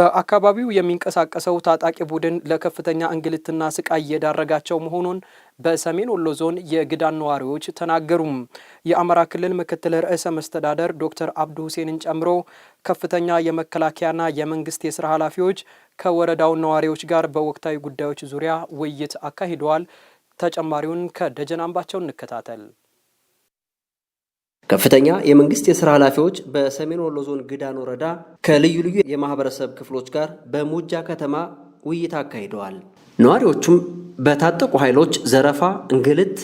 በአካባቢው የሚንቀሳቀሰው ታጣቂ ቡድን ለከፍተኛ እንግልትና ስቃይ እየዳረጋቸው መሆኑን በሰሜን ወሎ ዞን የግዳን ነዋሪዎች ተናገሩም። የአማራ ክልል ምክትል ርዕሰ መስተዳደር ዶክተር አብዱ ሁሴንን ጨምሮ ከፍተኛ የመከላከያና የመንግስት የስራ ኃላፊዎች ከወረዳው ነዋሪዎች ጋር በወቅታዊ ጉዳዮች ዙሪያ ውይይት አካሂደዋል። ተጨማሪውን ከደጀን አምባቸው እንከታተል። ከፍተኛ የመንግስት የስራ ኃላፊዎች በሰሜን ወሎ ዞን ግዳን ወረዳ ከልዩ ልዩ የማህበረሰብ ክፍሎች ጋር በሙጃ ከተማ ውይይት አካሂደዋል። ነዋሪዎቹም በታጠቁ ኃይሎች ዘረፋ፣ እንግልት፣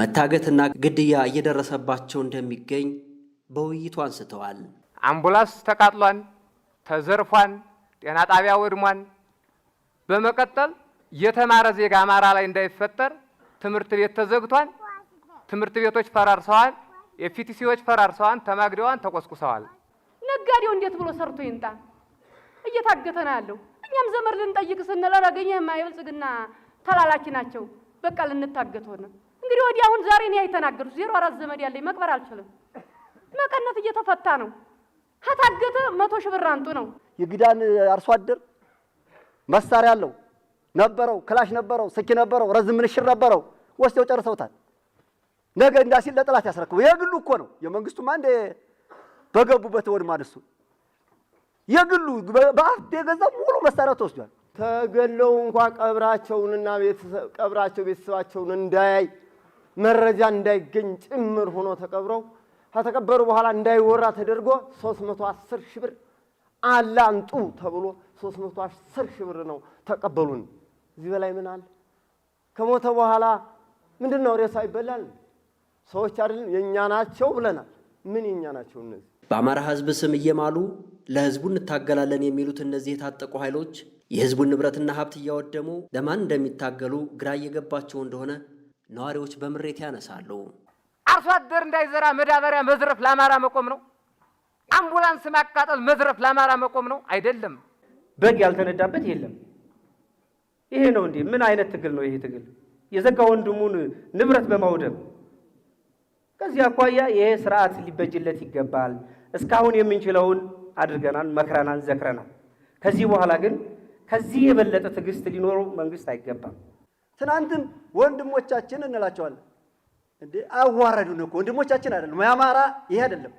መታገትና ግድያ እየደረሰባቸው እንደሚገኝ በውይይቱ አንስተዋል። አምቡላንስ ተቃጥሏን፣ ተዘርፏን፣ ጤና ጣቢያ ወድሟን። በመቀጠል የተማረ ዜጋ አማራ ላይ እንዳይፈጠር ትምህርት ቤት ተዘግቷን፣ ትምህርት ቤቶች ፈራርሰዋል። የፊቲሲዎች ፈራርሰዋን፣ ተማግደዋን፣ ተቆስቁሰዋል። ነጋዴው እንዴት ብሎ ሰርቶ ይንጣ እየታገተ ነው ያለው። እኛም ዘመድ ልንጠይቅ ስንል ረገኘ የማይበልጽግና ተላላኪ ናቸው። በቃ ልንታገት እንግዲህ ወዲህ አሁን ዛሬ ነው የተናገሩት። ዜሮ አራት ዘመድ ያለኝ መቅበር አልችልም። መቀነት እየተፈታ ነው። ከታገተ መቶ ሺህ ብር አንጡ ነው። የግዳን አርሶ አደር መሳሪያ አለው ነበረው፣ ክላሽ ነበረው፣ ስኪ ነበረው፣ ረዝም ምንሽር ነበረው። ወስደው ጨርሰውታል። ነገ እንዳ ሲል ለጠላት ያስረክቡ። የግሉ እኮ ነው። የመንግስቱም አንድ በገቡበት ወድ እሱ የግሉ በአፍ የገዛ ሙሉ መሳሪያ ተወስዷል። ተገለው እንኳ ቀብራቸውንና ቀብራቸው ቤተሰባቸውን እንዳያይ መረጃ እንዳይገኝ ጭምር ሆኖ ተቀብረው ከተቀበሩ በኋላ እንዳይወራ ተደርጎ 310 ሺህ ብር አላንጡ ተብሎ 310 ሺህ ብር ነው ተቀበሉን። እዚህ በላይ ምን አለ? ከሞተ በኋላ ምንድን ነው ሬሳ ይበላል? ሰዎች አይደለም የእኛ ናቸው ብለናል። ምን የእኛ ናቸው እነዚህ? በአማራ ህዝብ ስም እየማሉ ለህዝቡ እንታገላለን የሚሉት እነዚህ የታጠቁ ኃይሎች የህዝቡን ንብረትና ሀብት እያወደሙ ለማን እንደሚታገሉ ግራ እየገባቸው እንደሆነ ነዋሪዎች በምሬት ያነሳሉ። አርሶ አደር እንዳይዘራ መዳበሪያ መዝረፍ ለአማራ መቆም ነው። አምቡላንስ ማቃጠል መዝረፍ ለአማራ መቆም ነው አይደለም። በግ ያልተነዳበት የለም። ይሄ ነው እንዲህ ምን አይነት ትግል ነው ይሄ ትግል? የዘጋ ወንድሙን ንብረት በማውደም ከዚህ አኳያ ይሄ ስርዓት ሊበጅለት ይገባል። እስካሁን የምንችለውን አድርገናል፣ መክረናል፣ ዘክረናል። ከዚህ በኋላ ግን ከዚህ የበለጠ ትዕግስት ሊኖረው መንግስት አይገባም። ትናንትም ወንድሞቻችን እንላቸዋለን እንዴ አዋረዱን እኮ ወንድሞቻችን አይደለም አማራ ይሄ አይደለም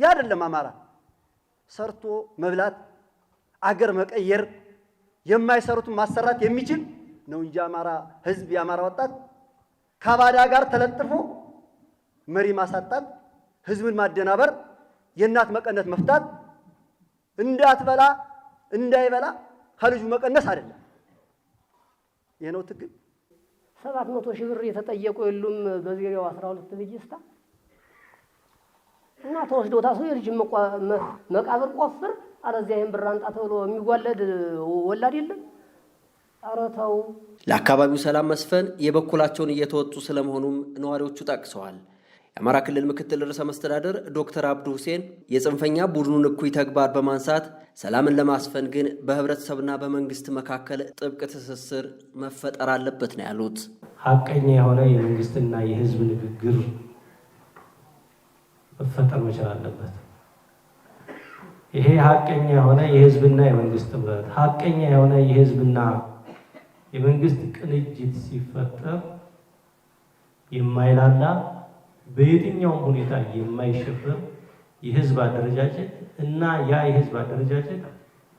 ይህ አይደለም አማራ ሰርቶ መብላት አገር መቀየር የማይሰሩትን ማሰራት የሚችል ነው እንጂ አማራ ህዝብ የአማራ ወጣት ከባዳ ጋር ተለጥፎ መሪ ማሳጣት፣ ህዝብን ማደናበር፣ የእናት መቀነት መፍታት እንዳትበላ እንዳይበላ ከልጁ መቀነስ አይደለም። ይህ ነው ትግል። ሰባት መቶ ሺህ ብር የተጠየቁ የሉም በዜሬው አስራ ሁለት ልጅስታ እና ተወስዶ ታስሮ የልጅ መቃብር ቆፍር አለዚያ ይህን ብር አንጣ ተብሎ የሚጓለድ ወላድ የለም። ኧረ ለአካባቢው ሰላም መስፈን የበኩላቸውን እየተወጡ ስለመሆኑም ነዋሪዎቹ ጠቅሰዋል። የአማራ ክልል ምክትል ርዕሰ መስተዳደር ዶክተር አብዱ ሁሴን የጽንፈኛ ቡድኑን እኩይ ተግባር በማንሳት ሰላምን ለማስፈን ግን በህብረተሰብና በመንግስት መካከል ጥብቅ ትስስር መፈጠር አለበት ነው ያሉት። ሀቀኛ የሆነ የመንግስትና የህዝብ ንግግር መፈጠር መቻል አለበት። ይሄ ሀቀኛ የሆነ የህዝብና የመንግስት ጥምረት፣ ሀቀኛ የሆነ የህዝብና የመንግስት ቅንጅት ሲፈጠር የማይላላ በየትኛውም ሁኔታ የማይሸፈም የህዝብ አደረጃጀት እና ያ የህዝብ አደረጃጀት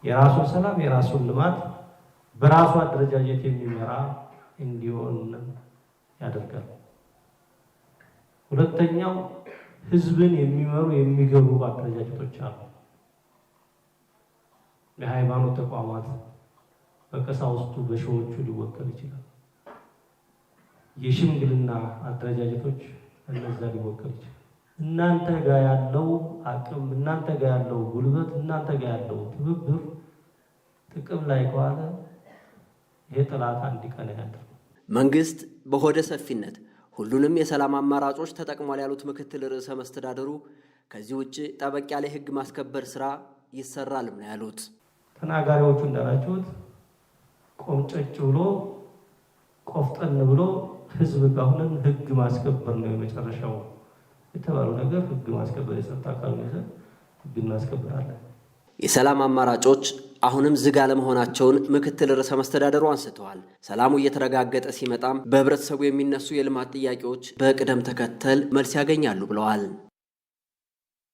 የራሱን ሰላም የራሱን ልማት በራሱ አደረጃጀት የሚመራ እንዲሆን ያደርጋል። ሁለተኛው ህዝብን የሚመሩ የሚገቡ አደረጃጀቶች አሉ። የሃይማኖት ተቋማት በቀሳውስቱ በሾዎቹ ሊወከል ይችላል። የሽምግልና አደረጃጀቶች እነዛ ሊሞክር ይችላል። እናንተ ጋር ያለው አቅም፣ እናንተ ጋር ያለው ጉልበት፣ እናንተ ጋር ያለው ትብብር ጥቅም ላይ ከዋለ ይሄ ጥላት አንድ ቀን መንግስት በሆደ ሰፊነት ሁሉንም የሰላም አማራጮች ተጠቅሟል ያሉት ምክትል ርዕሰ መስተዳደሩ ከዚህ ውጭ ጠበቅ ያለ ህግ ማስከበር ስራ ይሰራልም ነው ያሉት። ተናጋሪዎቹ እንዳላችሁት ቆምጨጭ ብሎ ቆፍጠን ብሎ ህዝብ አሁንም ህግ ማስከበር ነው የመጨረሻው የተባለው ነገር ህግ ማስከበር፣ የጸጥታ አካል ይዘ ህግ እናስከብራለን። የሰላም አማራጮች አሁንም ዝግ አለመሆናቸውን ምክትል ርዕሰ መስተዳደሩ አንስተዋል። ሰላሙ እየተረጋገጠ ሲመጣም በህብረተሰቡ የሚነሱ የልማት ጥያቄዎች በቅደም ተከተል መልስ ያገኛሉ ብለዋል።